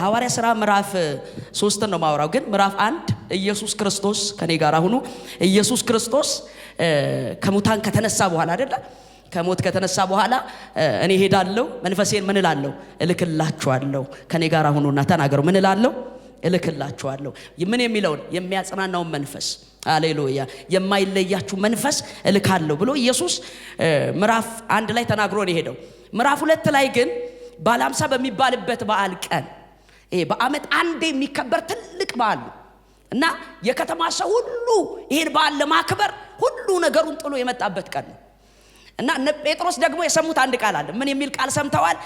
ሐዋርያ ሥራ ምዕራፍ ሶስትን ነው ማውራው፣ ግን ምዕራፍ አንድ ኢየሱስ ክርስቶስ ከኔ ጋር ሁኑ። ኢየሱስ ክርስቶስ ከሙታን ከተነሳ በኋላ አይደለ ከሞት ከተነሳ በኋላ እኔ ሄዳለሁ፣ መንፈሴን ምን እላለሁ? እልክላችኋለሁ። ከኔ ጋር አሁኑና ተናገሩ። ምን እላለሁ? እልክላችኋለሁ። ምን የሚለውን የሚያጽናናውን መንፈስ አሌሉያ፣ የማይለያችሁ መንፈስ እልካለሁ ብሎ ኢየሱስ ምዕራፍ አንድ ላይ ተናግሮ ነው የሄደው። ምዕራፍ ሁለት ላይ ግን ባለ በሚባልበት በዓል ቀን በአመት አንዴ የሚከበር ትልቅ በዓል ነው እና የከተማ ሰው ሁሉ ይህን በዓል ለማክበር ሁሉ ነገሩን ጥሎ የመጣበት ቀን ነው እና እነ ጴጥሮስ ደግሞ የሰሙት አንድ ቃል አለ። ምን የሚል ቃል ሰምተዋል?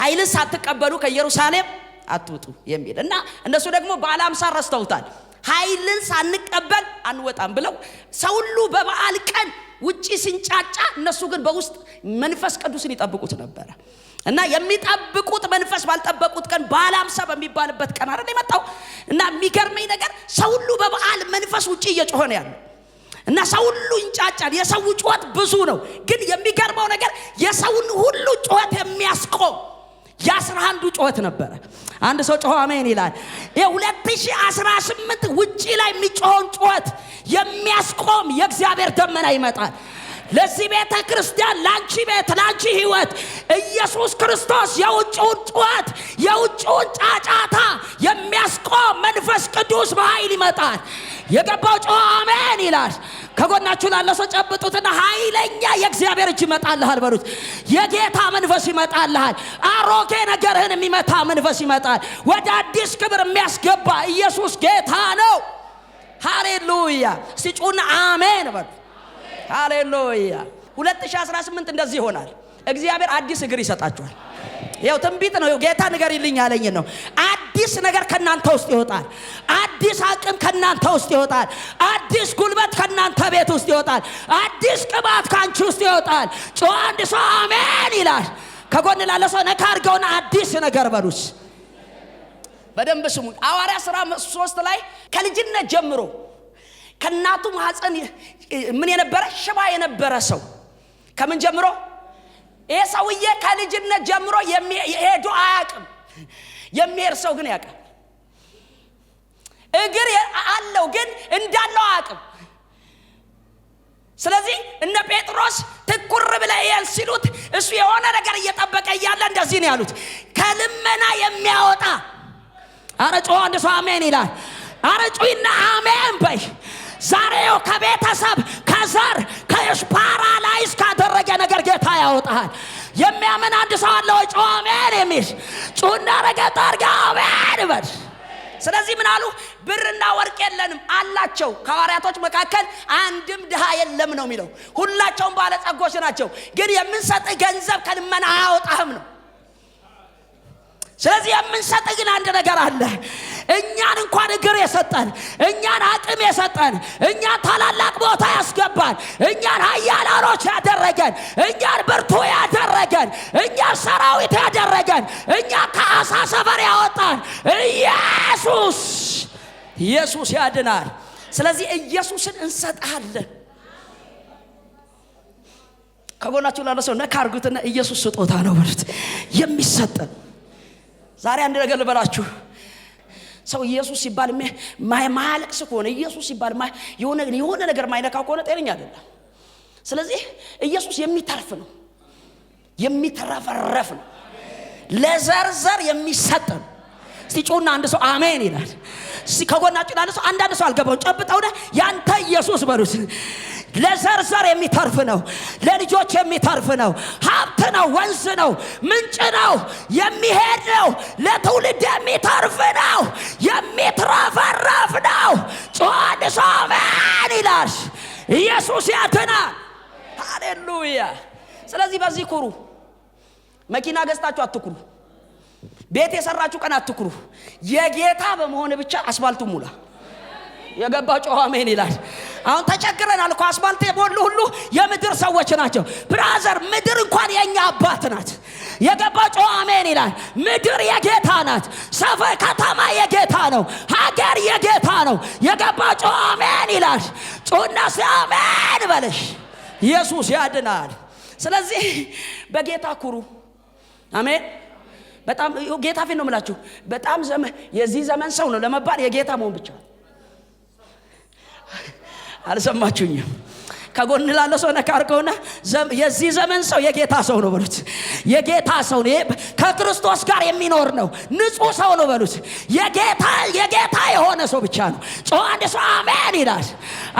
ኃይልን ሳትቀበሉ ከኢየሩሳሌም አትውጡ የሚል እና እነሱ ደግሞ በዓለ አምሳ ረስተውታል። ኃይልን ሳንቀበል አንወጣም ብለው ሰው ሁሉ በበዓል ቀን ውጪ ሲንጫጫ፣ እነሱ ግን በውስጥ መንፈስ ቅዱስን ይጠብቁት ነበረ። እና የሚጠብቁት መንፈስ ባልጠበቁት ቀን ባለ አምሳ በሚባልበት ቀን አይደል የመጣው። እና የሚገርመኝ ነገር ሰው ሁሉ በበዓል መንፈስ ውጪ እየጮኸ ነው ያለው እና ሰው ሁሉ ይንጫጫል። የሰው ጩኸት ብዙ ነው፣ ግን የሚገርመው ነገር የሰውን ሁሉ ጩኸት የሚያስቆም የአስራ አንዱ ጩኸት ነበረ። አንድ ሰው ጮኸ አሜን ይላል የሁለት አስራ ስምንት ውጪ ላይ የሚጮኸውን ጩኸት የሚያስቆም የእግዚአብሔር ደመና ይመጣል። ለዚህ ቤተ ክርስቲያን፣ ለአንቺ ቤት፣ ለአንቺ ህይወት ኢየሱስ ክርስቶስ የውጭውን ጩኸት የውጭውን ጫጫታ የሚያስቆም መንፈስ ቅዱስ በኃይል ይመጣል። የገባው ጮ አሜን ይላል። ከጎናችሁ ላለ ሰው ጨብጡትና ኃይለኛ የእግዚአብሔር እጅ ይመጣልሃል በሉት። የጌታ መንፈስ ይመጣልሃል። አሮጌ ነገርህን የሚመታ መንፈስ ይመጣል። ወደ አዲስ ክብር የሚያስገባ ኢየሱስ ጌታ ነው። ሃሌሉያ! ሲጩና አሜን በሉት። ሃሌሉያ። 2018 እንደዚህ ይሆናል። እግዚአብሔር አዲስ እግር ይሰጣችኋል። ያው ትንቢት ነው። ጌታ ይልኝ ነው። አዲስ ነገር ከናንተ ውስጥ ይወጣል። አዲስ አቅም ከናንተ ውስጥ ይወጣል። አዲስ ጉልበት ከናንተ ቤት ውስጥ ይወጣል። አዲስ ቅባት ካንቺ ውስጥ ይወጣል። አንድ ሰው አሜን ይላል። ከጎን ላለ ሰው ነካ አዲስ ነገር በሉስ። በደንብ ስሙ። ሐዋርያ ሥራ ሶስት ላይ ከልጅነት ጀምሮ ከእናቱ ማህፀን ምን የነበረ ሽባ የነበረ ሰው ከምን ጀምሮ ይሄ ሰውዬ ከልጅነት ጀምሮ ሄዶ አያቅም የሚሄድ ሰው ግን ያቃል እግር አለው ግን እንዳለው አያቅም ስለዚህ እነ ጴጥሮስ ትኩር ብለ ይሄን ሲሉት እሱ የሆነ ነገር እየጠበቀ እያለ እንደዚህ ነው ያሉት። ከልመና የሚያወጣ አረጮ አንድ ሰው አሜን ይላል። አረጮ ይና አሜን በይ ዛሬው ከቤተሰብ ከዘር ከሽ ፓራላይዝ ካደረገ ነገር ጌታ ያወጣሃል። የሚያምን አንድ ሰው አለ ወይ? ጮህ አሜን የሚል ጩና ረገጥ አድርጋ አሜን በል። ስለዚህ ምን አሉ? ብርና ወርቅ የለንም አላቸው። ከሐዋርያቶች መካከል አንድም ድሃ የለም ነው የሚለው። ሁላቸውም ባለጸጎች ናቸው። ግን የምንሰጥ ገንዘብ ከልመና አያወጣህም ነው። ስለዚህ የምንሰጥ ግን አንድ ነገር አለ እኛን እንኳን እግር የሰጠን እኛን አቅም የሰጠን እኛን ታላላቅ ቦታ ያስገባን እኛን ኃያላኖች ያደረገን እኛን ብርቱ ያደረገን እኛን ሰራዊት ያደረገን እኛ ከአሳ ሰፈር ያወጣን ኢየሱስ ኢየሱስ ያድናል። ስለዚህ ኢየሱስን እንሰጣለን። ከጎናችሁ ላለ ሰው ነካ አርጉትና ኢየሱስ ስጦታ ነው በሉት። የሚሰጠን ዛሬ አንድ ነገር ልበላችሁ። ሰው ኢየሱስ ሲባል ማያለቅስ ከሆነ ኢየሱስ ሲባል የሆነ ነገር ማይነካ ከሆነ ጤነኛ አይደለም። ስለዚህ ኢየሱስ የሚተርፍ ነው፣ የሚትረፈረፍ ነው፣ ለዘርዘር የሚሰጥ ነው። ሲጮና አንድ ሰው አሜን ይላል። ከጎናችሁ አንድ ሰው አንዳንድ ሰው አልገባው ጨብጠው ያንተ ኢየሱስ በሉት ለዘርዘር የሚተርፍ ነው። ለልጆች የሚተርፍ ነው። ሀብት ነው። ወንዝ ነው። ምንጭ ነው። የሚሄድ ነው። ለትውልድ የሚተርፍ ነው። የሚትረፈረፍ ነው። ጮን ሶመን ይላል ኢየሱስ ያትና ሃሌሉያ። ስለዚህ በዚህ ኩሩ። መኪና ገዝታችሁ አትኩሩ። ቤት የሰራችሁ ቀን አትኩሩ። የጌታ በመሆን ብቻ አስፋልቱ ሙላ። የገባው ጨዋሜን ይላል አሁን ተቸግረናል እኮ አስፋልት የሞሉ ሁሉ የምድር ሰዎች ናቸው። ብራዘር ምድር እንኳን የኛ አባት ናት። የገባ ጮ አሜን ይላል። ምድር የጌታ ናት። ሰፈ ከተማ የጌታ ነው። ሀገር የጌታ ነው። የገባ ጮ አሜን ይላል። ጮና አሜን በለሽ። ኢየሱስ ያድናል። ስለዚህ በጌታ ኩሩ። አሜን። በጣም ጌታ ፊት ነው የምላችሁ። በጣም የዚህ ዘመን ሰው ነው ለመባል የጌታ መሆን ብቻ አልሰማችሁኝም? ከጎን ላለ ሰው ነካር ከሆነ የዚህ ዘመን ሰው የጌታ ሰው ነው በሉት። የጌታ ሰው ነው፣ ከክርስቶስ ጋር የሚኖር ነው፣ ንጹህ ሰው ነው በሉት። የጌታ የጌታ የሆነ ሰው ብቻ ነው። ጮህ አንድ ሰው አሜን ይላል።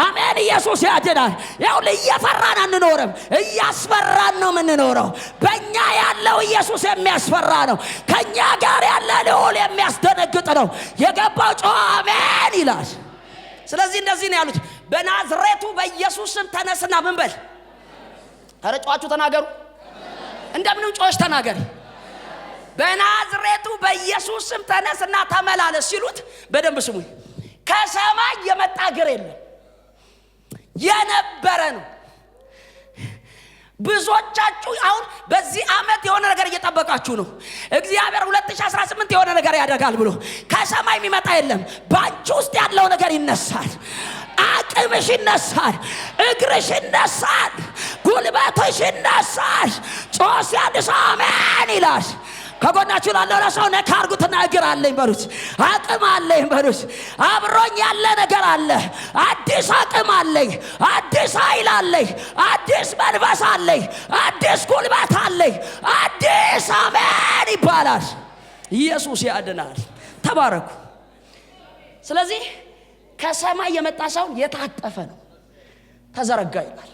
አሜን። ኢየሱስ ያድናል። ያው እየፈራን አንኖርም፣ እያስፈራን ነው የምንኖረው። በእኛ ያለው ኢየሱስ የሚያስፈራ ነው። ከእኛ ጋር ያለ ልዑል የሚያስደነግጥ ነው። የገባው ጮ አሜን ይላል። ስለዚህ እንደዚህ ነው ያሉት በናዝሬቱ በኢየሱስ ስም ተነስና ምን በል ተናገሩ። እንደምንም ጮሽ ተናገሪ። በናዝሬቱ በኢየሱስ ስም ተነስና ተመላለስ ሲሉት፣ በደንብ ስሙ ከሰማይ የመጣ እግር የለም የነበረ ነው። ብዙዎቻችሁ አሁን በዚህ አመት የሆነ ነገር እየጠበቃችሁ ነው። እግዚአብሔር 2018 የሆነ ነገር ያደርጋል ብሎ ከሰማይ የሚመጣ የለም። በአንቺ ውስጥ ያለው ነገር ይነሳል። አቅምሽ ይነሳል፣ እግርሽ ይነሳል፣ ጉልበትሽ ይነሳል። ጮህ ሲያድ ሰው አሜን ይላል። ከጎናችሁ ላለው ለሰው ነካ አርጉትና እግር አለኝ በሉት፣ አቅም አለኝ በሉት። አብሮኝ ያለ ነገር አለ። አዲስ አቅም አለኝ፣ አዲስ ኃይል አለኝ፣ አዲስ መንፈስ አለኝ፣ አዲስ ጉልበት አለኝ፣ አዲስ አሜን ይባላል። ኢየሱስ ያድናል። ተባረኩ። ስለዚህ ከሰማይ የመጣ ሳይሆን የታጠፈ ነው። ተዘረጋ ይላል።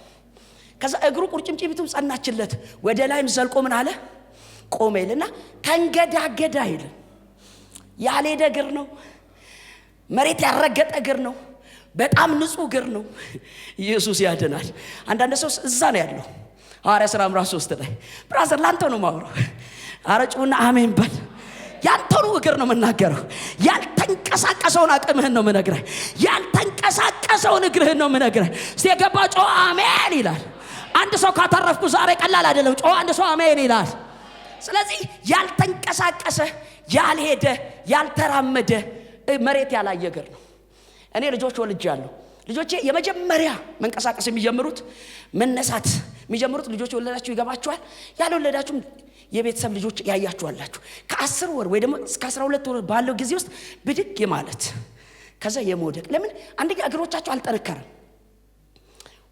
ከዛ እግሩ ቁርጭምጭሚቱም ጸናችለት። ወደ ላይም ዘልቆ ምን አለ ቆመ ይልና ተንገዳገዳ ይል። ያልሄደ እግር ነው። መሬት ያረገጠ እግር ነው። በጣም ንጹህ እግር ነው። ኢየሱስ ያድናል። አንዳንድ ሰው እዛ ነው ያለው። ሐዋርያ ሥራ ምራ ሶስት ላይ ብራዘር፣ ላንተ ነው ማውረው። አረጩና አሜን በል። ያንተኑ እግር ነው የምናገረው። ያልተንቀሳቀሰውን አቅምህን ነው ምነግረህ። ያልተንቀሳቀሰውን እግርህን ነው ምነግረህ። እስቲ የገባ አሜን ይላል። አንድ ሰው ካተረፍኩ ዛሬ ቀላል አይደለም። ጮ አንድ ሰው አሜን ይላል። ስለዚህ ያልተንቀሳቀሰ፣ ያልሄደ፣ ያልተራመደ መሬት ያላየ እግር ነው። እኔ ልጆች ወልጃለሁ። ልጆቼ የመጀመሪያ መንቀሳቀስ የሚጀምሩት መነሳት የሚጀምሩት ልጆች የወለዳችሁ ይገባችኋል። ያልወለዳችሁም የቤተሰብ ልጆች ያያችኋላችሁ። ከአስር ወር ወይ ደግሞ እስከ አስራ ሁለት ወር ባለው ጊዜ ውስጥ ብድግ ማለት ከዛ የመውደቅ ለምን አንደኛ እግሮቻቸው አልጠነከረም፣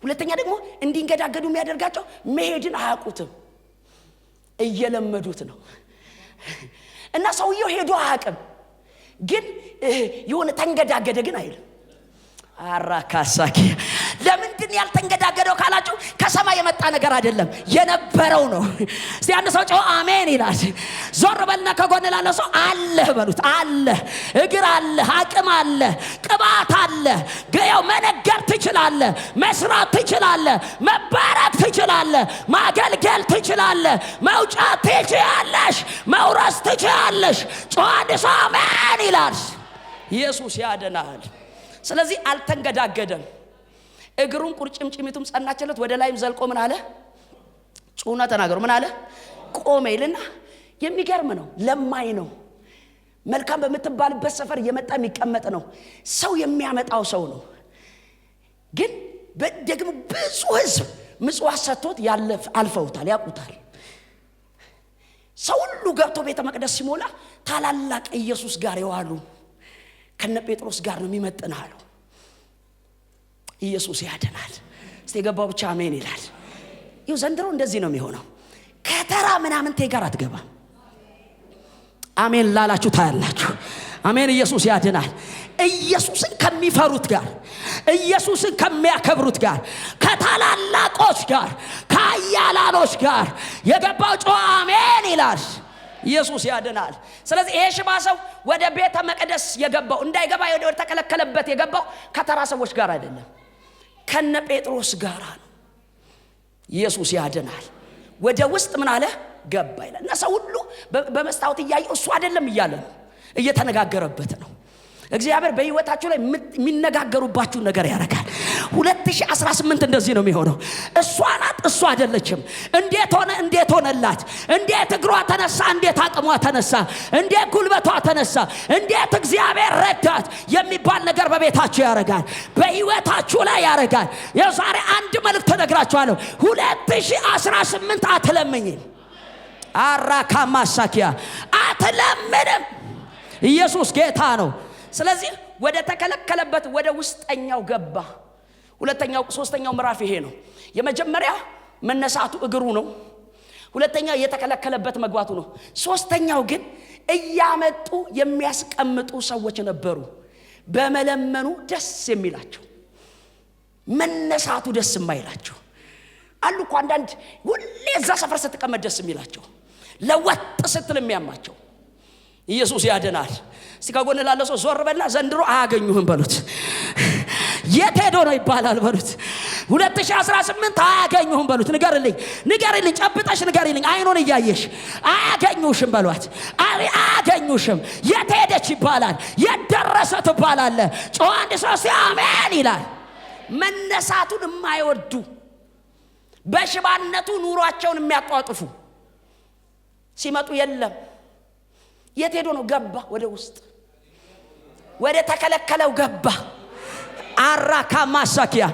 ሁለተኛ ደግሞ እንዲንገዳገዱ የሚያደርጋቸው መሄድን አያውቁትም፣ እየለመዱት ነው እና ሰውየው ሄዶ አያቅም ግን የሆነ ተንገዳገደ ግን አይልም አራካሳኪ ለምንድን ያልተንገዳገደው ካላችሁ ከሰማይ የመጣ ነገር አይደለም፣ የነበረው ነው። እስቲ አንድ ሰው ጮ አሜን ይላል። ዞር በልና ከጎን ላለ ሰው አለህ በሉት። አለህ፣ እግር አለህ፣ አቅም አለህ፣ ቅባት አለህ። ያው መነገር ትችላለህ፣ መስራት ትችላለህ፣ መባረክ ትችላለህ፣ ማገልገል ትችላለህ፣ መውጫ ትችያለሽ፣ መውረስ ትችያለሽ። ጮ አንድ ሰው አሜን ይላል። ኢየሱስ ያድናል። ስለዚህ አልተንገዳገደም። እግሩም ቁርጭምጭሚቱም ጸናችለት። ወደ ላይም ዘልቆ ምን አለ? ጩና ተናገሩ። ምን አለ? ቆመ ይልና የሚገርም ነው። ለማኝ ነው። መልካም በምትባልበት ሰፈር እየመጣ የሚቀመጥ ነው። ሰው የሚያመጣው ሰው ነው። ግን ደግሞ ብዙ ህዝብ ምጽዋት ሰጥቶት አልፈውታል፣ ያውቁታል። ሰው ሁሉ ገብቶ ቤተ መቅደስ ሲሞላ ታላላቅ ኢየሱስ ጋር የዋሉ ከነ ጴጥሮስ ጋር ነው የሚመጥን አሉ። ኢየሱስ ያድናል። እስቲ የገባው ብቻ አሜን ይላል። ይኸው ዘንድሮ እንደዚህ ነው የሚሆነው። ከተራ ምናምንቴ ጋር አትገባም። አሜን ላላችሁ ታያላችሁ። አሜን ኢየሱስ ያድናል። ኢየሱስን ከሚፈሩት ጋር ኢየሱስን ከሚያከብሩት ጋር ከታላላቆች ጋር ከአያላኖች ጋር የገባው ጮ አሜን ይላል። ኢየሱስ ያድናል። ስለዚህ ይሄ ሽባ ሰው ወደ ቤተ መቅደስ የገባው እንዳይገባ ወደ ተከለከለበት የገባው ከተራ ሰዎች ጋር አይደለም። ከነ ጴጥሮስ ጋር ነው። ኢየሱስ ያድናል። ወደ ውስጥ ምን አለ ገባ ይላል እና ሰው ሁሉ በመስታወት እያየ እሱ አይደለም እያለ ነው፣ እየተነጋገረበት ነው። እግዚአብሔር በህይወታችሁ ላይ የሚነጋገሩባችሁ ነገር ያደርጋል። 2018 እንደዚህ ነው የሚሆነው። እሷ ናት፣ እሷ አይደለችም። እንዴት ሆነ? እንዴት ሆነላት? እንዴት እግሯ ተነሳ? እንዴት አቅሟ ተነሳ? እንዴት ጉልበቷ ተነሳ? እንዴት እግዚአብሔር ረዳት የሚባል ነገር በቤታችሁ ያደርጋል፣ በህይወታችሁ ላይ ያደርጋል። የዛሬ አንድ መልእክት ተነግራችኋለሁ። 2018 አትለምኝም። አራካ ማሳኪያ አትለምንም። ኢየሱስ ጌታ ነው። ስለዚህ ወደ ተከለከለበት ወደ ውስጠኛው ገባ። ሁለተኛው ሶስተኛው ምዕራፍ ይሄ ነው። የመጀመሪያ መነሳቱ እግሩ ነው። ሁለተኛው የተከለከለበት መግባቱ ነው። ሶስተኛው ግን እያመጡ የሚያስቀምጡ ሰዎች ነበሩ፣ በመለመኑ ደስ የሚላቸው መነሳቱ ደስ የማይላቸው አሉ እኮ አንዳንድ ሁሌ እዛ ሰፈር ስትቀመጥ ደስ የሚላቸው ለወጥ ስትል የሚያማቸው ኢየሱስ ያድናል። እስቲ ከጎን ላለ ሰው ዞር በላ ዘንድሮ አያገኙህም በሉት። የት ሄዶ ነው ይባላል በሉት። 2018 አያገኙሁም በሉት። ንገርልኝ፣ ንገርልኝ፣ ጨብጠሽ ንገርልኝ። አይኑን እያየሽ አያገኙሽም በሏት። አያገኙሽም። የት ሄደች ይባላል። የት ደረሰ ትባላለ። ጮ አንድ ሰው አሜን ይላል። መነሳቱን የማይወዱ በሽባነቱ ኑሯቸውን የሚያጧጥፉ ሲመጡ የለም የት ሄዶ ነው? ገባ ወደ ውስጥ ወደ ተከለከለው ገባ። አራካ ማሳኪያ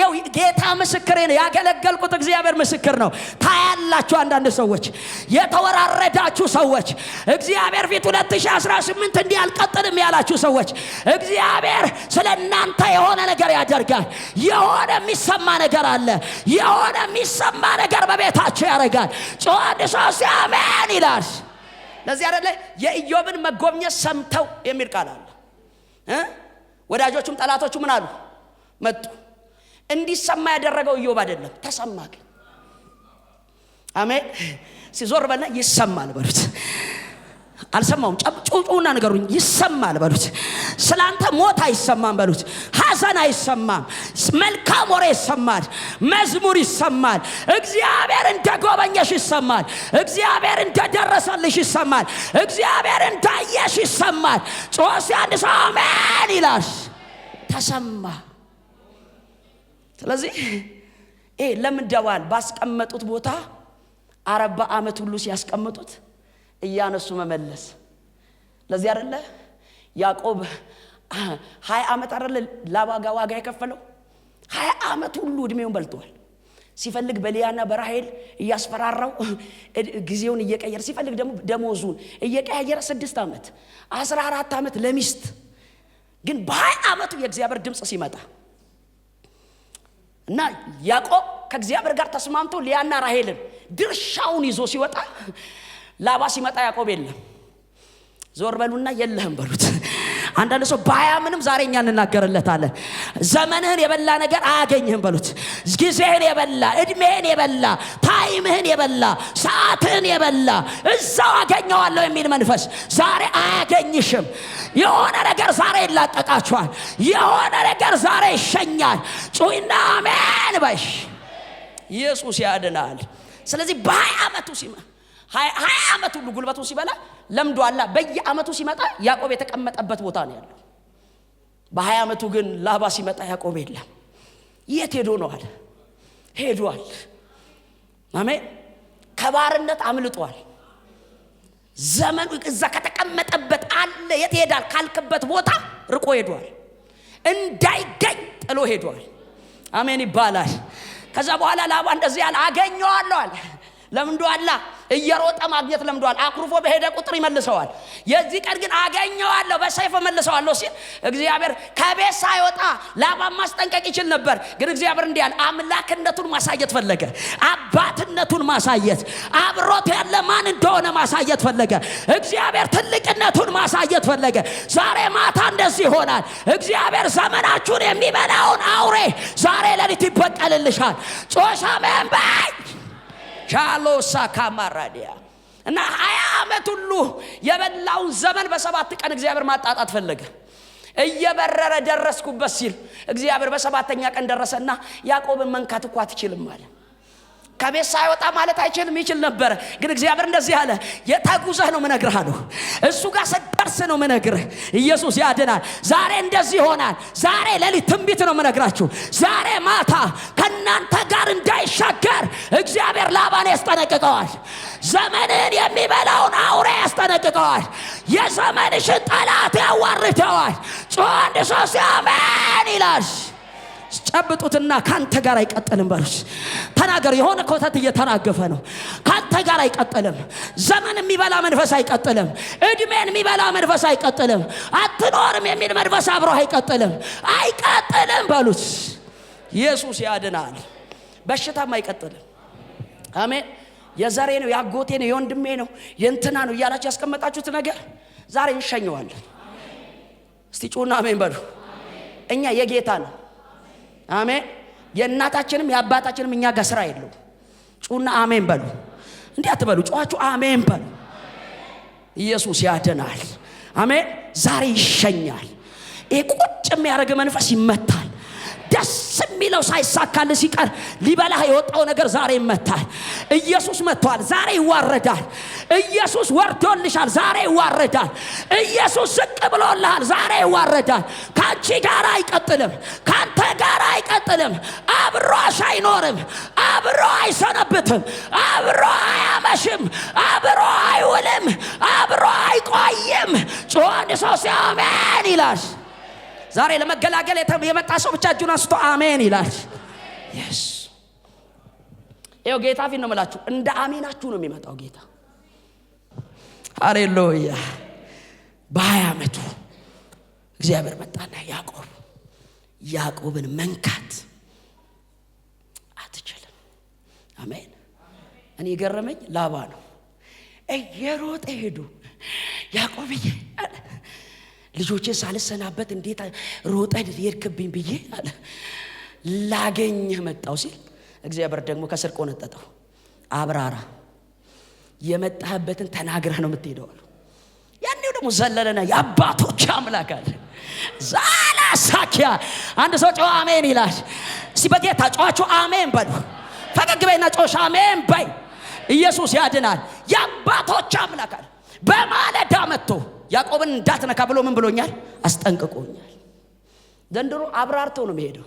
ይው ጌታ ምስክሬ ነው። ያገለገልኩት እግዚአብሔር ምስክር ነው። ታያላችሁ። አንዳንድ ሰዎች የተወራረዳችሁ ሰዎች እግዚአብሔር ፊት 2018 እንዲህ አልቀጥልም ያላችሁ ሰዎች እግዚአብሔር ስለ እናንተ የሆነ ነገር ያደርጋል። የሆነ የሚሰማ ነገር አለ። የሆነ የሚሰማ ነገር በቤታቸው ያደርጋል። ጨዋድ ሶስት አሜን ይላል። ለዚህ አደለ የኢዮብን መጎብኘት ሰምተው የሚል ቃል አለ ወዳጆቹም ጠላቶቹ ምን አሉ? መጡ። እንዲሰማ ያደረገው ኢዮብ አይደለም፣ ተሰማ ግን። አሜን። ሲዞር በለ ይሰማል በሉት አልሰማውም። ጩጩና ነገሩኝ። ይሰማል በሉት። ስላንተ ሞት አይሰማም በሉት። ሐዘን አይሰማም። መልካም ወሬ ይሰማል። መዝሙር ይሰማል። እግዚአብሔር እንደጎበኘሽ ይሰማል። እግዚአብሔር እንደደረሰልሽ ይሰማል። እግዚአብሔር እንዳየሽ ይሰማል። ጾስ አንድ ሰው አሜን ይላል። ተሰማ። ስለዚህ ለምን ደዋል ባስቀመጡት ቦታ አርባ ዓመት ሁሉ ሲያስቀምጡት እያነሱ መመለስ። ለዚህ አይደለ ያዕቆብ ሀያ ዓመት አደለ ላባ ዋጋ የከፈለው ሀያ ዓመት ሁሉ እድሜውን በልተዋል። ሲፈልግ በሊያና በራሄል እያስፈራራው ጊዜውን እየቀየረ ሲፈልግ ደግሞ ደሞዙን እየቀያየረ ስድስት ዓመት አስራ አራት ዓመት ለሚስት ግን በሀያ ዓመቱ የእግዚአብሔር ድምፅ ሲመጣ እና ያዕቆብ ከእግዚአብሔር ጋር ተስማምቶ ሊያና ራሄልን ድርሻውን ይዞ ሲወጣ ላባ ሲመጣ ያዕቆብ የለም። ዞር በሉና የለህም በሉት። አንዳንድ ሰው ምንም ዛሬ እኛ እንናገርለታለን። ዘመንህን የበላ ነገር አያገኝህም በሉት። ጊዜህን የበላ እድሜህን የበላ ታይምህን የበላ ሰዓትህን የበላ እዛው አገኘዋለሁ የሚል መንፈስ ዛሬ አያገኝሽም። የሆነ ነገር ዛሬ ይላቀቃችኋል። የሆነ ነገር ዛሬ ይሸኛል። ጩይና አሜን በሽ ኢየሱስ ያድናል። ስለዚህ በሀያ ዓመቱ ሲመ ሀያ ዓመት ሁሉ ጉልበቱ ሲበላ አላ በየአመቱ ሲመጣ ያዕቆብ የተቀመጠበት ቦታ ነው ያለው። በሀያ ዓመቱ ግን ላባ ሲመጣ ያዕቆብ የለም። የት ሄዶ ነው አለ። ሄዷል። አሜን። ከባርነት አምልጧል። ዘመኑ እዛ ከተቀመጠበት አለ የት ሄዳል ካልክበት ቦታ ርቆ ሄዷል። እንዳይገኝ ጥሎ ሄዷል። አሜን ይባላል። ከዛ በኋላ ላባ እንደዚህ ያለ አገኘዋለሁ አለ አላ እየሮጠ ማግኘት ለምደዋል። አኩርፎ በሄደ ቁጥር ይመልሰዋል። የዚህ ቀን ግን አገኘዋለሁ፣ በሰይፍ መልሰዋለሁ ሲል እግዚአብሔር ከቤት ሳይወጣ ላባን ማስጠንቀቅ ይችል ነበር። ግን እግዚአብሔር እንዲህ ያለ አምላክነቱን ማሳየት ፈለገ። አባትነቱን ማሳየት፣ አብሮት ያለ ማን እንደሆነ ማሳየት ፈለገ። እግዚአብሔር ትልቅነቱን ማሳየት ፈለገ። ዛሬ ማታ እንደዚህ ይሆናል። እግዚአብሔር ዘመናችሁን የሚበላውን አውሬ ዛሬ ሌሊት ይበቀልልሻል። ጾሻ መንበይ ሻሎ ሳካማራዲያ እና ሀያ ዓመት ሁሉ የበላውን ዘመን በሰባት ቀን እግዚአብሔር ማጣጣት ፈለገ። እየበረረ ደረስኩበት ሲል እግዚአብሔር በሰባተኛ ቀን ደረሰና ያዕቆብን መንካት እኮ አትችልም አለ። ከቤት ሳይወጣ ማለት አይችልም፣ ይችል ነበር። ግን እግዚአብሔር እንደዚህ አለ፣ የተጉዘህ ነው ምነግርህ አለሁ። እሱ ጋር ስትደርስ ነው ምነግርህ። ኢየሱስ ያድናል። ዛሬ እንደዚህ ይሆናል። ዛሬ ሌሊት ትንቢት ነው ምነግራችሁ። ዛሬ ማታ ከእናንተ ጋር እንዳይሻገር እግዚአብሔር ላባን ያስጠነቅቀዋል። ዘመንህን የሚበላውን አውሬ ያስጠነቅቀዋል። የዘመንሽን ጠላት ያዋርደዋል። ጮ አንድ ሶስት አሜን ይላል። ጨብጡትና ካንተ ጋር አይቀጥልም በሉት። ተናገር። የሆነ ኮተት እየተናገፈ ነው። ካንተ ጋር አይቀጥልም። ዘመን የሚበላ መንፈስ አይቀጥልም። እድሜን የሚበላ መንፈስ አይቀጥልም። አትኖርም የሚል መንፈስ አብሮ አይቀጥልም። አይቀጥልም በሉት። ኢየሱስ ያድናል። በሽታም አይቀጥልም። አሜን። የዘሬ ነው፣ የአጎቴ ነው፣ የወንድሜ ነው፣ የእንትና ነው እያላችሁ ያስቀመጣችሁት ነገር ዛሬ እንሸኘዋለን። እስቲ ጩና አሜን በሉ። እኛ የጌታ ነው አሜን። የእናታችንም የአባታችንም እኛ ጋር ስራ የለው። ጩና አሜን በሉ። እንዲህ አትበሉ፣ ጩዋችሁ አሜን በሉ። ኢየሱስ ያድናል። አሜን። ዛሬ ይሸኛል። ይህ ቁጭ የሚያደርግ መንፈስ ይመታል። ደስ የሚለው ሳይሳካል ሲቀር ሊበላህ የወጣው ነገር ዛሬ ይመታል። ኢየሱስ መጥቷል፣ ዛሬ ይዋረዳል። ኢየሱስ ወርዶልሻል፣ ዛሬ ይዋረዳል። ኢየሱስ ዝቅ ብሎልሃል፣ ዛሬ ይዋረዳል። ከአንቺ ጋር አይቀጥልም፣ ከአንተ ጋር አይቀጥልም። አብሮሽ አይኖርም፣ አብሮ አይሰነብትም፣ አብሮ አያመሽም፣ አብሮ አይውልም፣ አብሮ አይቆይም። ጮን ሰው ሲያሜን ይላል ዛሬ ለመገላገል የመጣ ሰው ብቻ እጁን አንስቶ አሜን ይላል። የስ ይኸው ጌታ ፊት ነው የምላችሁ። እንደ አሜናችሁ ነው የሚመጣው ጌታ። ሃሌሉያ። በሀያ ዓመቱ እግዚአብሔር መጣና ያዕቆብ ያዕቆብን መንካት አትችልም። አሜን። እኔ የገረመኝ ላባ ነው እየሮጠ ሄዱ ያዕቆብዬ ልጆቼ ሳልሰናበት እንዴት ሮጠን ሄድክብኝ ብዬ አለ ላገኝህ መጣው ሲል እግዚአብሔር ደግሞ ከስር ቆነጠጠው። አብራራ የመጣህበትን ተናግረህ ነው የምትሄደው አለ። ያኔው ደግሞ ዘለለና የአባቶች አምላክ አለ ዛላ ሳኪያ አንድ ሰው ጨዋ አሜን ይላል። እስቲ በጌታ ጮኻችሁ አሜን በሉ። ፈገግ በይና ጮሽ አሜን በይ። ኢየሱስ ያድናል። የአባቶች አምላክ አለ በማለዳ መጥቶ ያዕቆብን እንዳትነካ ብሎ ምን ብሎኛል? አስጠንቅቆኛል። ዘንድሮ አብራርተው ነው የሚሄደው።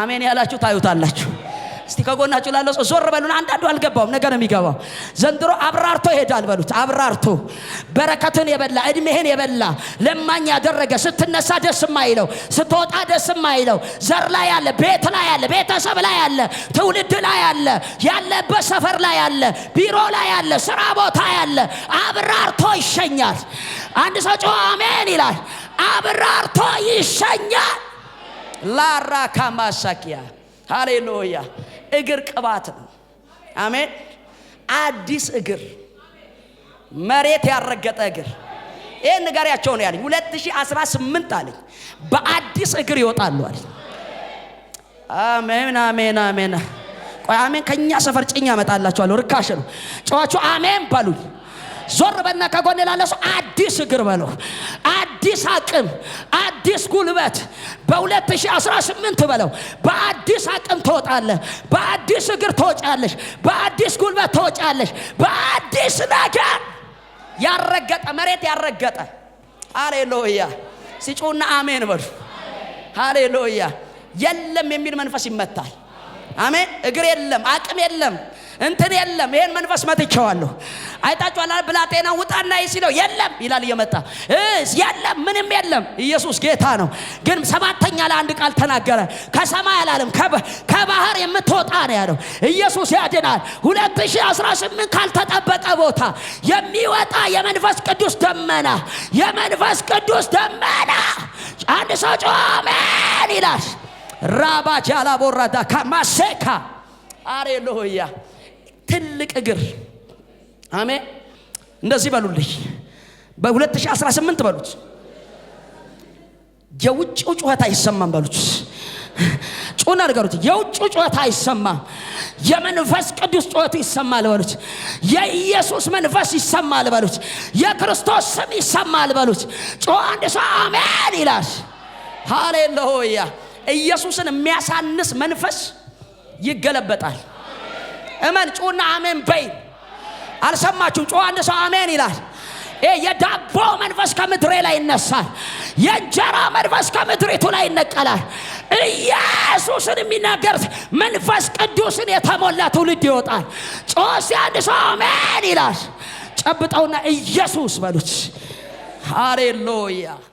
አሜን ያላችሁ ታዩታላችሁ። እስቲ ከጎናችሁ ላለው ሰው ዞር በሉን። አንዳንዱ አልገባውም፣ ነገ ነው የሚገባው። ዘንድሮ አብራርቶ ይሄዳል በሉት። አብራርቶ በረከትን የበላ እድሜህን የበላ ለማኝ ያደረገ ስትነሳ ደስ ማይለው ስትወጣ ደስ ማይለው ዘር ላይ ያለ ቤት ላይ ያለ ቤተሰብ ላይ ያለ ትውልድ ላይ ያለ ያለበት ሰፈር ላይ ያለ ቢሮ ላይ ያለ ስራ ቦታ ያለ አብራርቶ ይሸኛል። አንድ ሰው ጮ አሜን ይላል። አብራርቶ ይሸኛል። ላራካ ማሳኪያ ሃሌሉያ እግር ቅባት ነው። አሜን። አዲስ እግር፣ መሬት ያረገጠ እግር። ይህን ንገሪያቸው ነው ያለኝ። 2018 አለኝ። በአዲስ እግር ይወጣሉ አለ። አሜን፣ አሜን፣ አሜን። ቆይ አሜን። ከእኛ ሰፈር ጭኝ ያመጣላችኋለሁ። ርካሽ ነው። ጨዋቹ አሜን በሉኝ። ዞር በና ከጎን ላለ ሰው አዲስ እግር በለው። አዲስ አቅም፣ አዲስ ጉልበት በ2018 በለው። በአዲስ አቅም ትወጣለህ፣ በአዲስ እግር ትወጫለሽ፣ በአዲስ ጉልበት ትወጫለሽ፣ በአዲስ ነገር ያረገጠ መሬት ያረገጠ ሃሌሉያ ሲጩና አሜን በሉ። ሃሌሉያ የለም የሚል መንፈስ ይመታል። አሜን እግር የለም አቅም የለም እንትን የለም ይሄን መንፈስ መትቼዋለሁ። አይታችኋል ብላቴና ውጣና ሲለው የለም ይላል እየመጣ የለም ምንም የለም። ኢየሱስ ጌታ ነው። ግን ሰባተኛ ላይ አንድ ቃል ተናገረ። ከሰማይ አላለም ከባህር የምትወጣ ነው ያለው። ኢየሱስ ያድናል። 2018 ካልተጠበቀ ቦታ የሚወጣ የመንፈስ ቅዱስ ደመና የመንፈስ ቅዱስ ደመና አንድ ሰው ጮሜን ይላል። ራባች ያላቦራዳ ከማሴካ አሬ ሎሆያ ትልቅ እግር አሜ እንደዚህ በሉልኝ። በ2018 በሉት የውጭው ጩኸት አይሰማም በሉት። ጩና ነገሩት የውጭ ጩኸት አይሰማም፣ የመንፈስ ቅዱስ ጩኸቱ ይሰማል በሉት። የኢየሱስ መንፈስ ይሰማል በሉት። የክርስቶስ ስም ይሰማል በሉት። ጮኸ አንድ ሰው አሜን ይላል። ሃሌሉያ! ኢየሱስን የሚያሳንስ መንፈስ ይገለበጣል። እመን ጩና አሜን በይ። አልሰማችሁም? ጮ አንድ ሰው አሜን ይላል። የዳቦ መንፈስ ከምድሬ ላይ ይነሳል። የእንጀራ መንፈስ ከምድሪቱ ላይ ይነቀላል። ኢየሱስን የሚናገር መንፈስ ቅዱስን የተሞላ ትውልድ ይወጣል። ጮስ አንድ ሰው አሜን ይላል። ጨብጠውና ኢየሱስ በሉት። ሃሌሉያ